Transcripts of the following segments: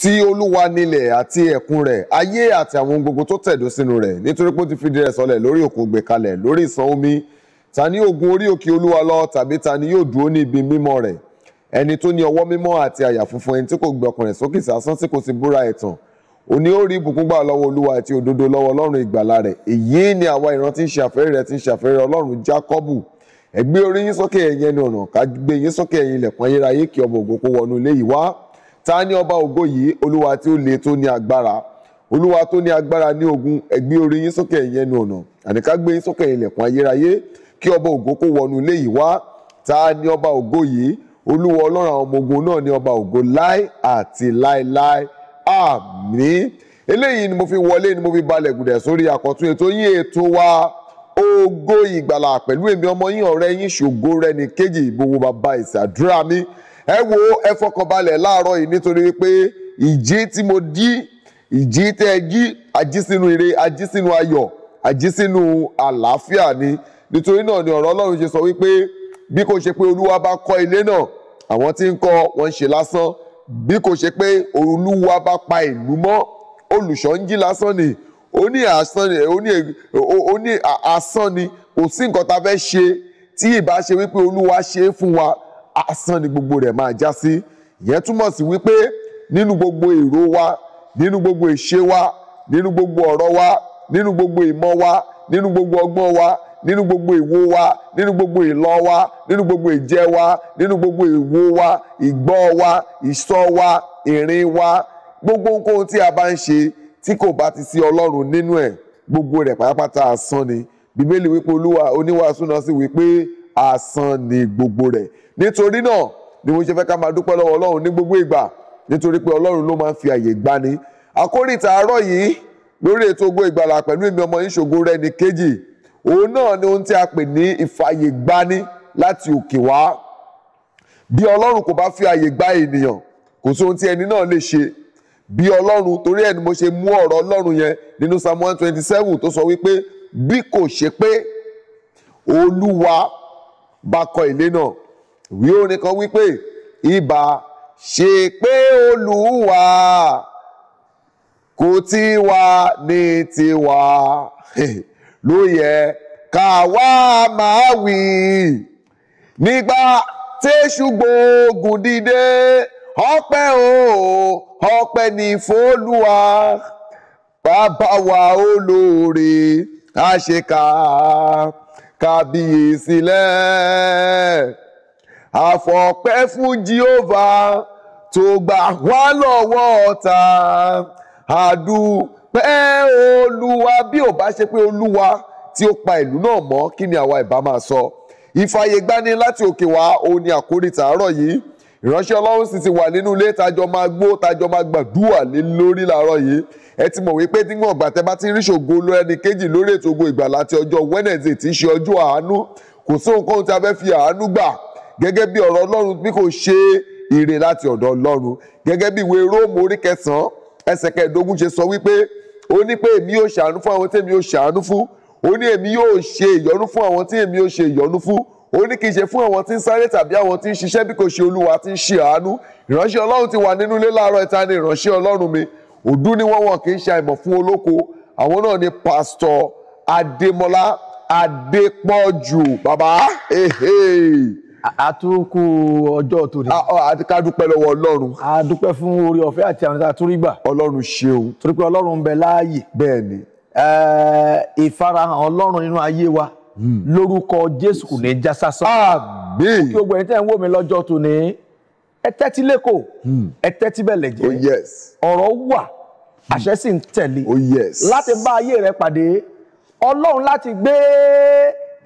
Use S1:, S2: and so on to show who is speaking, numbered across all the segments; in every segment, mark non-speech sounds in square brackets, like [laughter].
S1: ti olúwa nílẹ̀ àti ẹ̀kún rẹ̀ ayé àti àwọn ohun gbogbo tó tẹ̀dó sínú rẹ̀ nítorí pé ó ti fìdí rẹ̀ sọlẹ̀ lórí òkun gbé kalẹ̀ lórí ìsàn omi ta ni yóò gun orí òkè olúwa lọ tàbí ta ni yóò dúró ní ibi mímọ́ rẹ̀ ẹni tó ní ọwọ́ mímọ́ àti àyà funfun ẹni tí kò gbé ọkàn rẹ̀ sókè sásán tí kò sì búra ẹ̀tàn òní ó rí ìbùkún gbà lọ́wọ́ olúwa àti òdodo lọ́wọ́ ọlọ́run ìgbàlà rẹ̀ èyí ni àwa ìran tí ń ṣe àfẹ́rí rẹ̀ tí ń ṣe àfẹ́rí ọlọ́run jákọ́bù ẹ orí yín sókè ẹ̀yin ẹni ọ̀nà ká gbé yín sókè ẹ̀yin ilẹ̀kùn ayérayé kí ọmọ ògo kó wọnú ilé yìí wá ta ni ọba ògo yìí olúwa tí ó le tó ní agbára olúwa tó ní agbára ní ogun ẹ gbé orí yín sókè ẹ̀yin ẹnu ọ̀nà àní ká gbé yín sókè ilẹ̀kùn ayérayé kí ọba ògo kó wọnú ilé yìí wá ta ni ọba ògo yìí olúwa ọlọ́run àwọn ọmọ ogun náà ni ọba ògo láé àti láéláé àmín eléyìí ni mo fi wọlé ni mo fi balẹ̀ gùdẹ̀ sórí àkọ́tún ètò yín ètò wa ògo ìgbàlà pẹ̀lú èmi ọmọ yín ọ̀rẹ́ yín ṣògo rẹ̀ ní kéjì ìbòwò bàbá ìsàdúrà mi ẹ wo ẹ fọkànbalẹ̀ láàárọ̀ yìí nítorí pé ìjí tí mo dí ìjí tẹ́ ẹ jí ají sínú ire ají sínú ayọ̀ ají sínú àlàáfíà ni nítorí náà ni ọ̀rọ̀ Ọlọ́run ṣe sọ wípé bí kò ṣe pé Olúwa bá kọ́ ilé náà àwọn tí ń kọ́ wọn ń ṣe lásán bí kò ṣe pé Olúwa bá pa ìlú mọ́ olùṣọ́ ń jí lásán ni ó ní asán ni ó ní asán ni kò sí nǹkan tá fẹ́ ṣe tí ìbá ṣe wípé Olúwa ṣe é fún wa asán ni gbogbo rẹ̀ máa já sí ìyẹn túmọ̀ sí wípé nínú gbogbo èrò wa nínú gbogbo ìṣe wa nínú gbogbo ọ̀rọ̀ wa nínú gbogbo ìmọ̀ wa nínú gbogbo ọgbọ́n wa nínú gbogbo ìwo wa nínú gbogbo ìlọ wa nínú gbogbo ìjẹ wa nínú gbogbo ìwo wa ìgbọ́ wa ìsọ wa ìrìn wa gbogbo ohunkóhun tí a bá ń ṣe tí kò bá ti sí ọlọ́run nínú ẹ̀ gbogbo rẹ̀ pátápátá asán ni bíbélì wípé olúwa oníwàásù náà sì wípé asán ni gbogbo rẹ̀ nítorí náà ni mo ṣe fẹ́ ká máa dúpẹ́ lọ́wọ́ ọlọ́run ní gbogbo ìgbà nítorí pé ọlọ́run ló máa ń fi àyè gbani àkórí tàárọ̀ yìí lórí ètò Ògo Ìgbàlà pẹ̀lú èmi ọmọ yín Ṣògorẹ́níkejì òun náà ni ohun tí a pè ní ìfàyè gbani láti òkè wá bí ọlọ́run kò bá fi àyè gba ènìyàn kò sí ohun tí ẹni náà lè ṣe bí ọlọ́run torí ẹni mo ṣe mú ọ̀rọ̀ ọlọ́run yẹn nínú psalm one twenty seven tó sọ wípé bí kò ṣe pé olúwa bá kọ ilé náà ìwé orin kan wípé ìbá ṣe pé olúwa kò tí wà ní tiwa [laughs] ló yẹ ká wá máa wí nígbà tẹ́ṣù gbógun dìde ọpẹ́ o ọpẹ́ ní fólúwa bàbá wa olóore àṣekà kábíyèsí lẹ́ àfọ̀pẹ́ fún jehova tó gbà wá lọ́wọ́ ọ̀tá àdúpẹ́ olúwa bí ò bá ṣe pé olúwa tí ó pa ìlú náà mọ́ kí ni àwa ìbá máa sọ ìfàyègbani láti òkè wá òun ni àkórí tàárọ̀ yìí ìránṣẹ́ ọlọ́run sì ti wà nínú ilé tájọ máa gbọ́ tájọ máa gbàdúrà lórí làárọ̀ yìí ẹ ti mọ̀ wípé níwọ̀n ìgbà tẹ́ bá ti rí ṣògo ẹni kejì lórí ètò Ògo Ìgbàlà ti ọjọ́ Wednesday tí í ṣe ọjọ́ àánú kò sóhun kan tí a fẹ́ fi àánú gbà gẹ́gẹ́ bí ọ̀rọ̀ Ọlọ́run bí kò ṣe ire láti ọ̀dọ̀ Ọlọ́run gẹ́gẹ́ bí ìwé Róòmù orí kẹsàn-án ẹsẹ̀ kẹẹ̀ẹ́dógún ṣe sọ wípé ó ní pé èmi yóò ṣàánú fún àwọn tí èmi yóò ṣàánú fún ó ní èmi yóò ṣe ìyọ́nú fún àwọn tí èmi yóò ṣe ìyọ́nú fún ó òdú ni wọ́n wọ̀ kì í ṣe àìmọ̀ fún olóko àwọn náà ni pásítọ̀ adémọlá adépọ̀jù bàbá. àtúnkù ọjọ́ tòní. àti ká dúpẹ́ lọ́wọ́ ọlọ́run. a dúpẹ́ fún orí ọ̀fẹ́ àti àwọn ìta torí gbà. ọlọ́run ṣeun. torí pé ọlọ́run ń bẹ láàyè. bẹ́ẹ̀ ni.
S2: ìfarahàn ọlọ́run nínú ayé wa hmm. lórúkọ jésù kò ní já sásán. àmín. kí gbogbo ẹni tẹ́ ń wò mí lọ́jọ́ tòní ẹ tẹ́tí lẹ́kọ̀ọ́ hmm. ẹ tẹ́tí bẹ́ẹ̀ lẹ́jẹ̀ oh, ọ̀rọ̀ wà àṣẹ sì ń tẹ̀lé oh, láti bá ayé rẹ pàdé ọlọ́run láti gbé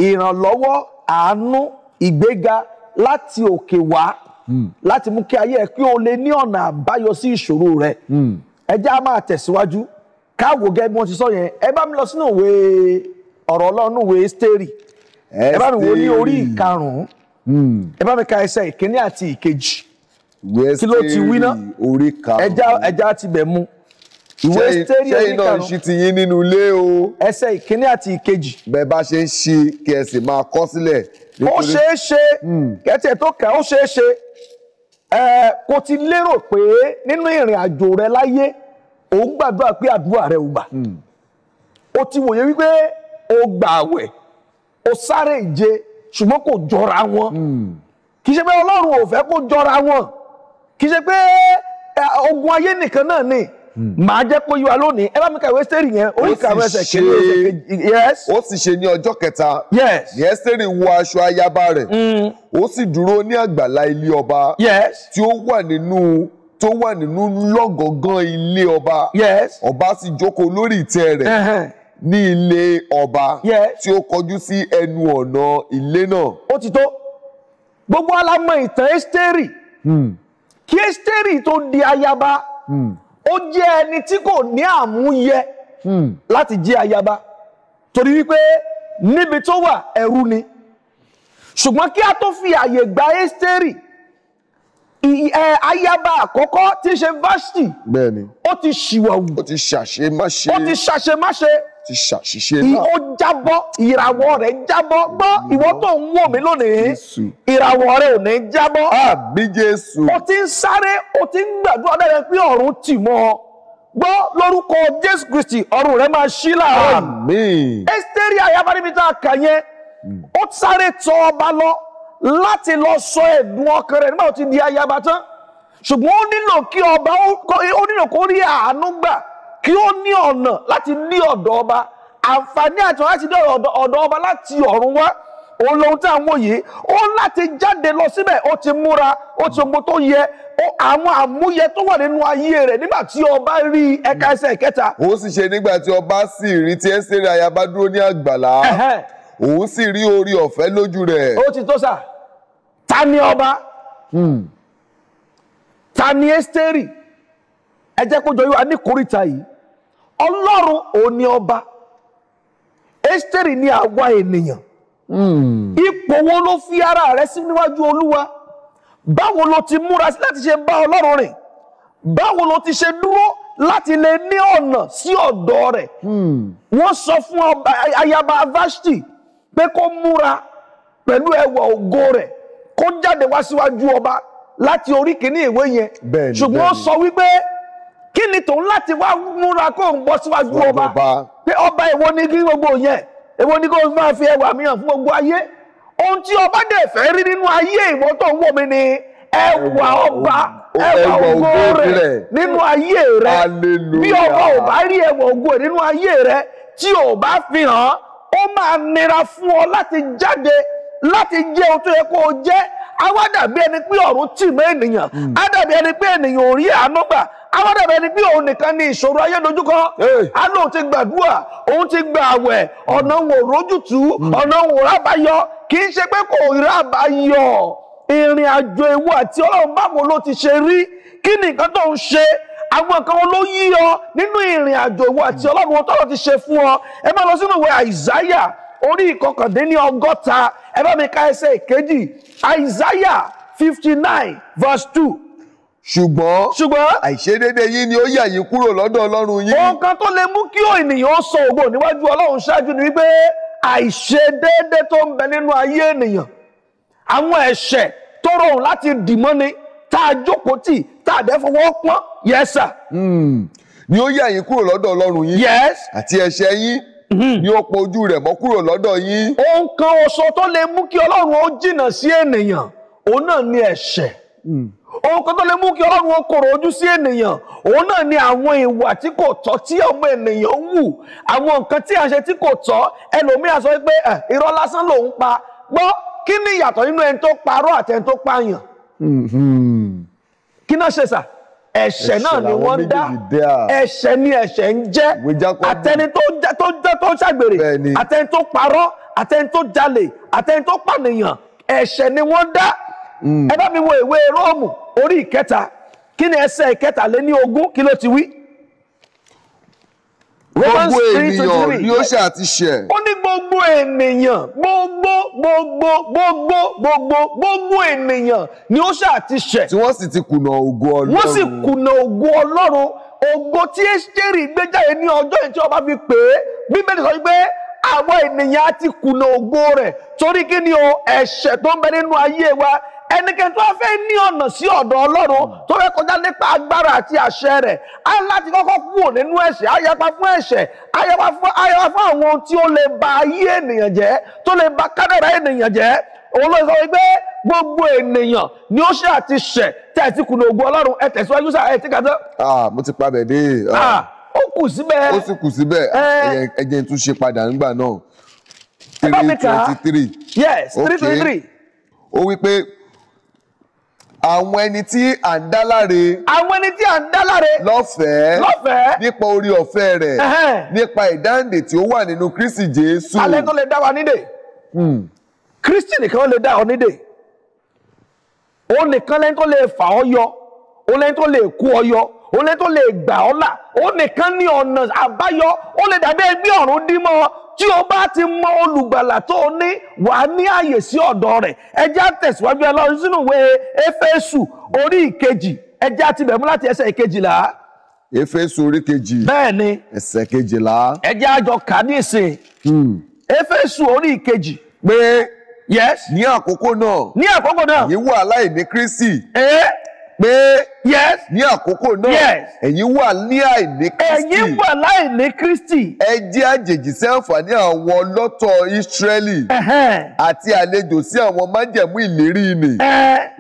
S2: ìrànlọ́wọ́ àánú ìgbéga láti òkè wá hmm. láti mú kí ayé ẹ kí o lè ní ọ̀nà àbáyọ sí ìṣòro rẹ hmm. ẹ jẹ́ a máa tẹ̀síwájú káwo gẹ́gẹ́ bí wọ́n ti sọ yẹn ẹ bá mi lọ sínú òwe ọ̀rọ̀ ọlọ́run òwe steri
S1: ẹ bá mi wo ní orí
S2: ìkarùn-ún hmm. ẹ bá mi ka ẹsẹ̀ ìkíní àti ìkejì kí ló ti wí ná ẹja
S1: ti bẹ̀ mu ìwé sẹ́rí oníkanu ṣẹ́yìn náà ń ṣí ti yín nínú ilé o. ẹsẹ̀ ìkíní àti ìkejì. bẹ́ẹ̀ bá ṣe ń ṣe kí ẹ sì máa kọ sílẹ̀. ó ṣeé ṣe hmm. kẹ́tẹ̀ tó kà ó ṣeé ṣe kò ti lérò pé nínú ìrìn àjò
S2: rẹ láyé òun gbàdúrà pé àdúrà rẹ ò gbà. Hmm. o ti wòye wípé o gbà àwẹ̀ o sáré ìje ṣùgbọ́n kò jọra wọn. Hmm. kì í ṣe pé ọlọ́run ò fẹ́ kó jọra wọn kì í ṣe pé ogun ayé nìkan náà ni. Hmm. màá jẹ́ kó yí wa lónìí ẹ bá mi kàwé sẹ́rì yẹn orí kàwé ẹsẹ̀ kéré ẹsẹ̀ kejì.
S1: ó sì ṣe ní ọjọ́ kẹta ní ẹ́sítérì wọ aṣọ ayaba rẹ̀ hmm. ó sì dúró ní àgbàlá ilé ọba tí ó wà nínú tó wà nínú lọ́gọ̀ọ̀gán ilé ọba ọba sì jókòó lórí ìtẹ́ rẹ̀ ní ilé ọba tí ó kọjú sí ẹnu ọ̀nà ilé náà. ó ti tó gbogbo alamọ ìtàn ẹ́sítérì hmm. kí ẹ́sítérì tó di ayaba. Mm
S2: ó jẹ́ ẹni tí kò ní àmúyẹ hmm. láti jẹ́ ayaba torí wípé níbi tó wà ẹrú ni ṣùgbọ́n kí a tó fi àyè gba Ẹ́sítérì ẹ ayaba àkọ́kọ́ tí ń ṣe Váṣítì ó ti ṣìwàwù ó ti ṣàṣemáṣe ó ti ṣàṣemáṣe ti ṣàṣìṣe náà. ó jábọ́ ìràwọ̀ rẹ̀ jábọ́ gbọ́ ìwọ tó ń wò mí lónìí ìràwọ̀ rẹ̀ ò ní jábọ́. àbí jésù. o ti ń sáré o ti ń gbàdúrà dáadáa pé ọ̀run tì mọ́ ọ gbọ́ lórúkọ jésù kristi ọ̀run rẹ̀ máa ṣí láàárọ̀.
S1: àmín.
S2: ẹ́sítẹ́rì ayábáríbítà kà yẹn hmm. ó sáré tọ̀ ọba lọ láti lọ sọ ẹ̀dùn ọkàn rẹ̀ nígbà tó ti di ayaba tán ṣùgbọ́n ó nílò kí ọba ó nílò kó rí àánú gbà kí ó ní ọ̀nà láti ní ọ̀dọ̀ ọba àǹfààní àti ọ̀nà láti ní ọ̀dọ̀ ọba láti ọ̀run wá òun lóhun tí àwọn yìí ó láti jáde lọ síbẹ̀ ó ti múra ó ti gbogbo tó yẹ àwọn àmúyẹ tó wà nínú ayé rẹ̀ nígbà
S1: tí ọba rí ẹ̀ka ẹsẹ̀ kẹta. ó sì ṣe nígbà tí ọba sì rí tí Ẹ́sítérì ayaba dúró ní àgbàlá òun sì rí orí ọ̀fẹ́ lójú rẹ̀. ó ti tó sà ta ni ọba hmm. ta ni Ẹ́sítérì
S2: ẹ jẹ́ kó jọ yóò wá ní kórìíta yìí ọlọ́run òun ni ọba ẹ́sítẹ́rì ni àwa ènìyàn hmm. ipò wo ló fi ara rẹ sí níwájú olúwa báwo lo ti múra sí láti ṣe bá ọlọ́run rìn báwo lo ti ṣe dúró láti lè ní ọ̀nà sí ọ̀dọ̀ rẹ̀ hmm. wọ́n sọ fún ayaba Vashti pé kó múra pẹ̀lú ẹwà ògo rẹ̀ kó jáde wá síwájú ọba láti orí kìíní ìwé yẹn ṣùgbọ́n sọ wípé kí ni tòun láti wá múra kó ń bọ́ síwájú ọba pé ọba èwo ni kí gbogbo yẹn èwo ni kó máa fi ẹwà mìíràn fún gbogbo ayé ohun tí ọba dẹ̀ fẹ́ rí nínú ayé ìwọ tó ń wò mí ni ẹwà ọba ẹwà ògo rẹ nínú ayé rẹ bí ọba ò bá rí ẹwà ògo nínú ayé rẹ tí ò bá fi hàn ó máa nira fún ọ láti jáde láti jẹ ohun tó yẹ kó o jẹ́ àwa dàbí ẹni pé ọ̀run tì mọ́ ènìyàn á hmm. dàbí ẹni pé ènìyàn ò rí àánú gbà àwa dàbí ẹni pé òun nìkan ní ìṣòro ayé dojúkọ á lóun ti gbàdúrà òun ti gba àwẹ̀ ọ̀nà wò rójútùú hmm. ọ̀nà wò rábàyọ kì í ṣe pé kò rábàyọ ìrìn àjò ewu àti ọlọ́run báwo ló ti ṣe rí kí ni nǹkan tó ń ṣe àwọn kan ló yí ọ nínú ìrìn àjò ewu àti ọlọ́run tọ́lọ́ ti ṣe fún ọ ẹ má lọ sínú ìwé àìsáyà orí ìkọkàndínní ọgọ́ta ẹ bá mi ka ẹsẹ̀ ìkejì Isaiah fifty nine verse two ṣùgbọ́n ṣùgbọ́n àìṣedéédé yín ni ó yà yín kúrò lọ́dọ̀ ọlọ́run yín. ohun kan tó lè mú kí ènìyàn sọ ògo níwájú ọlọ́run ṣáájú ni wípé àìṣedéédé tó ń bẹ nínú ayé ènìyàn àwọn ẹ̀ṣẹ̀
S1: tó rọrùn láti dìmọ́ ni tá a jókòó tì tá a dẹ́ fọwọ́ pọ́n yẹ́sà. Hmm. ni ó yà yín kúrò lọ́dọ̀ ọlọ́run yín. yes. àti ẹ̀ṣẹ̀ yín Hmm. yóò pọ ojú rẹ̀ mọ́ kúrò lọ́dọ̀ yín. ohun kan oṣù tó lè mú kí ọlọ́run ó jìnnà sí ènìyàn
S2: òun náà ni ẹ̀ṣẹ̀ hmm. ohun kan tó lè mú kí ọlọ́run ó kòrò ojú sí ènìyàn òun náà ni àwọn ìwà tí kò tọ́ tí ọmọ ènìyàn wù àwọn nǹkan tí a ṣe tí kò tọ́ ẹlòmíà sọ pé irọ́ lásán lòun pa gbọ́ kí ni ìyàtọ̀ nínú ẹni tó parọ́ àti ẹni tó pààyàn
S1: hmm.
S2: kí náà ṣe sà ẹ̀ṣẹ̀ náà ni wọ́n dá ẹ̀ṣẹ̀ ni ẹ̀ṣẹ̀ ń jẹ́ àtẹni tó tó ń ṣàgbèrè àtẹni tó parọ́ àtẹni tó jalè àtẹni tó pànìyàn ẹ̀ṣẹ̀ ni wọ́n dá hmm. ẹ bá mi wo ìwé róòmù orí ìkẹta kí ni ẹsẹ̀ ìkẹta lé ní ogún kí ló ti wí.
S1: gbogbo ènìyàn ni ó ṣe àtiṣẹ̀. ó ní gbogbo ènìyàn
S2: gbogbo gbogbo gbogbo gbogbo gbogbo ènìyàn
S1: ni ó ṣe àtiṣẹ̀. tí wọ́n sì ti kùnà ògo ọlọ́run. wọ́n sì
S2: kùnà ògo ọlọ́run ògo tí Éṣítérì gbé jáde ní ọjọ́ yìí tí ọba fi pè é bíbélì sọ pé àwọn ènìyàn ti kùnà ògo rẹ̀ torí kí ni o ẹ̀ṣẹ̀ tó ń bẹ nínú ayé wa ẹnikẹ́ni tó fẹ́ ní ọ̀nà sí ọ̀dọ̀ ọlọ́run tó fẹ́ kọjá nípa agbára àti àṣẹ rẹ̀ á láti kọ́kọ́ kúrò nínú ẹ̀ṣẹ̀ á yapa fún ẹ̀ṣẹ̀ á yapa fún àwọn ohun tí ó lè ba ayé ènìyàn jẹ́ tó lè ba kádàrá ènìyàn jẹ́ òun ló sọ wípé gbogbo
S1: ènìyàn ni ó ṣe àti ṣẹ̀ tẹ̀ ti kùnà ògùn ọlọ́run ẹ tẹ̀síwájú sáà ẹ ti kàtọ́. ah mo ti pa dé. ah ó kù síbẹ̀. ó sì kù síbẹ̀ ẹ jẹ́ n tún ṣe padà nígbà náà. three twenty three. yes three twenty three. ó wí pé àwọn ẹni tí à ń dá láre. àwọn ẹni tí à ń dá láre. lọ́fẹ̀ẹ́ lọ́fẹ̀ẹ́ nípa orí ọ̀fẹ́ rẹ̀ nípa ìdáǹdè tí ó wà nínú Kristi Jésù. alẹ́ tó lè dá wa nídè. Hmm kristi nìkan lè dá ọ nídè
S2: ó nìkan lẹ́ni tó lè fà ọ yọ ó lẹ́ni tó lè kó ọ yọ ó lẹ́ni tó lè gbà ọ là ó nìkan ní ọ̀nà àbáyọ ó lè dàbí ẹgbẹ́ ọ̀run dí mọ́ ọ tí o bá ti mọ olùgbàlà tó o ní wà á ní àyè sí ọ̀dọ̀ rẹ̀ ẹjẹ́ àtẹ̀síwájú ẹ lọ́run sínú ìwé éfésù orí ìkejì ẹjẹ́ àti bẹ̀mú láti ẹsẹ̀ ìkejìlá.
S1: éfésù orí kejì bẹ́ẹ̀ni ẹsẹ̀ kejìlá ẹjẹ́ àjọ kà ní hmm. orí ìkejì. pé yes. ní àkókò náà. ní àkókò náà. ẹ̀yin wà láìní Kristi. Eh. pé. yes. ní àkókò náà. yes. ẹ̀yin wà ní àìní Kristi. ẹ̀yin wà láìní Kristi. ẹ jẹ́ àjèjì sí àǹfààní àwọn ọlọ́tọ̀ Ísírẹ́lì. àti àlejò sí àwọn májẹ̀mú ìlérí nì.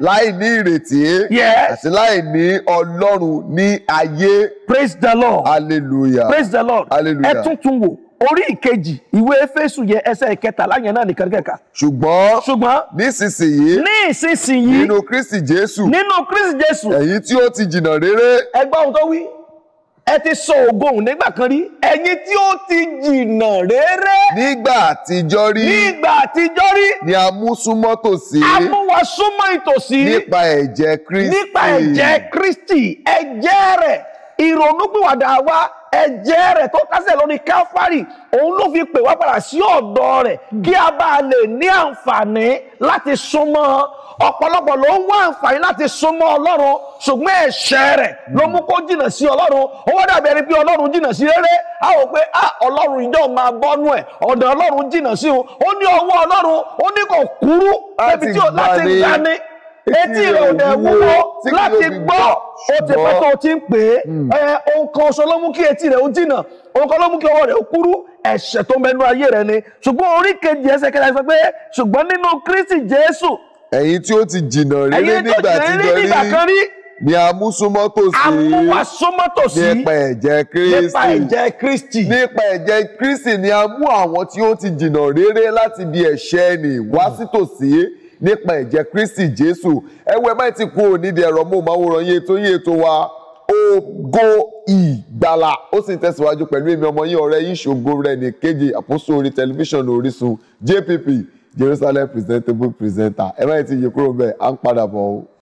S1: láìní ìrètí. yes. àti láìní Ọlọ́run ní ayé. praise the Lord. hallelujah. praise the Lord. hallelujah. ẹ tún tún wò orí ìkejì ìwé
S2: Éfésù yẹn ẹsẹ̀ ìkẹtàlá yẹn náà nìkan kẹka.
S1: ṣùgbọ́n ṣùgbọ́n nísinsìnyí nísinsìnyí nínú Kristi Jésù nínú Kristi Jésù ẹ̀yin tí ó ti jìnnà réré. ẹ gbọ́ ohun tó wí ẹ ti sọ ògo òun nígbà kan rí ẹ̀yin tí ó ti jìnnà réré. nígbà àtijọ́ rí. nígbà àtijọ́ rí. ni a mú súnmọ́ tòsí. a mú wa súnmọ́ ìtòsí. nípa ẹ̀jẹ̀ Kristi. nípa ẹ̀jẹ̀ Kristi ẹ̀jẹ̀ rẹ̀
S2: ìrònúpìwàdà wa ẹ̀jẹ̀ rẹ̀ tó kásẹ̀ lórí káfárì òun ló fi pè wá padà sí ọ̀dọ̀ rẹ̀ kí a bá lè ní àǹfààní láti súnmọ́ ọ̀pọ̀lọpọ̀ ló ń wá àǹfààní láti súnmọ́ ọlọ́run ṣùgbọ́n ẹ̀ṣẹ̀ rẹ̀ ló mú kó jìnnà sí ọlọ́run ó wá dàbí ẹni pé ọlọ́run jìnnà sí rere a ò pé a ọlọ́run ìjọ máa bọ́nú ẹ̀ ọ̀dọ̀ ọlọ́run jìnnà sí o ó ní ọwọ́ ọlọ́run ó ní kò kúrú láti gbani etí rẹ̀ ò dẹ̀ wúwo láti gbọ́ ó ti pẹ́ tó ti ń pè é hmm. ohun kan ṣoṣo ló mú kí etí rẹ̀ ó jìnà ohun kan ló mú kí ọwọ́ rẹ̀ ó kúrú ẹ̀ṣẹ̀ tó mẹ́nu ayé rẹ̀ ni
S1: ṣùgbọ́n orí kejì ẹsẹ̀ kẹta sọ pé ṣùgbọ́n nínú Kristi Jésù. ẹ̀yin tí ó ti jìnà rere nígbà tí jọ rí ni a mú súnmọ́ tòsí. a mú wa súnmọ́ tòsí. nípa ẹ̀jẹ̀ kristi. nípa ẹ̀jẹ̀ kristi. nípa ni a mú àwọn tí ó ti jìnnà réré láti ibi ẹ̀ṣẹ̀ ni wá sí tòsí nípa ẹ̀jẹ̀ Kristi Jésù ẹ̀wẹ̀ má ti kú nídìí ẹ̀rọ móhùnmáwòrán yẹn tó yẹ ètò wa ògo ìgbàlà ó sì tẹ̀síwájú pẹ̀lú èmi ọmọ yín ọ̀rẹ́ yín ṣògo rẹ̀ ní kejì àpòsò orí tẹlifíṣàn Orísun JPP Jerusalem presentable presenter ẹ má ti yí kúrò bẹ́ẹ̀ à ń padà bọ̀ o.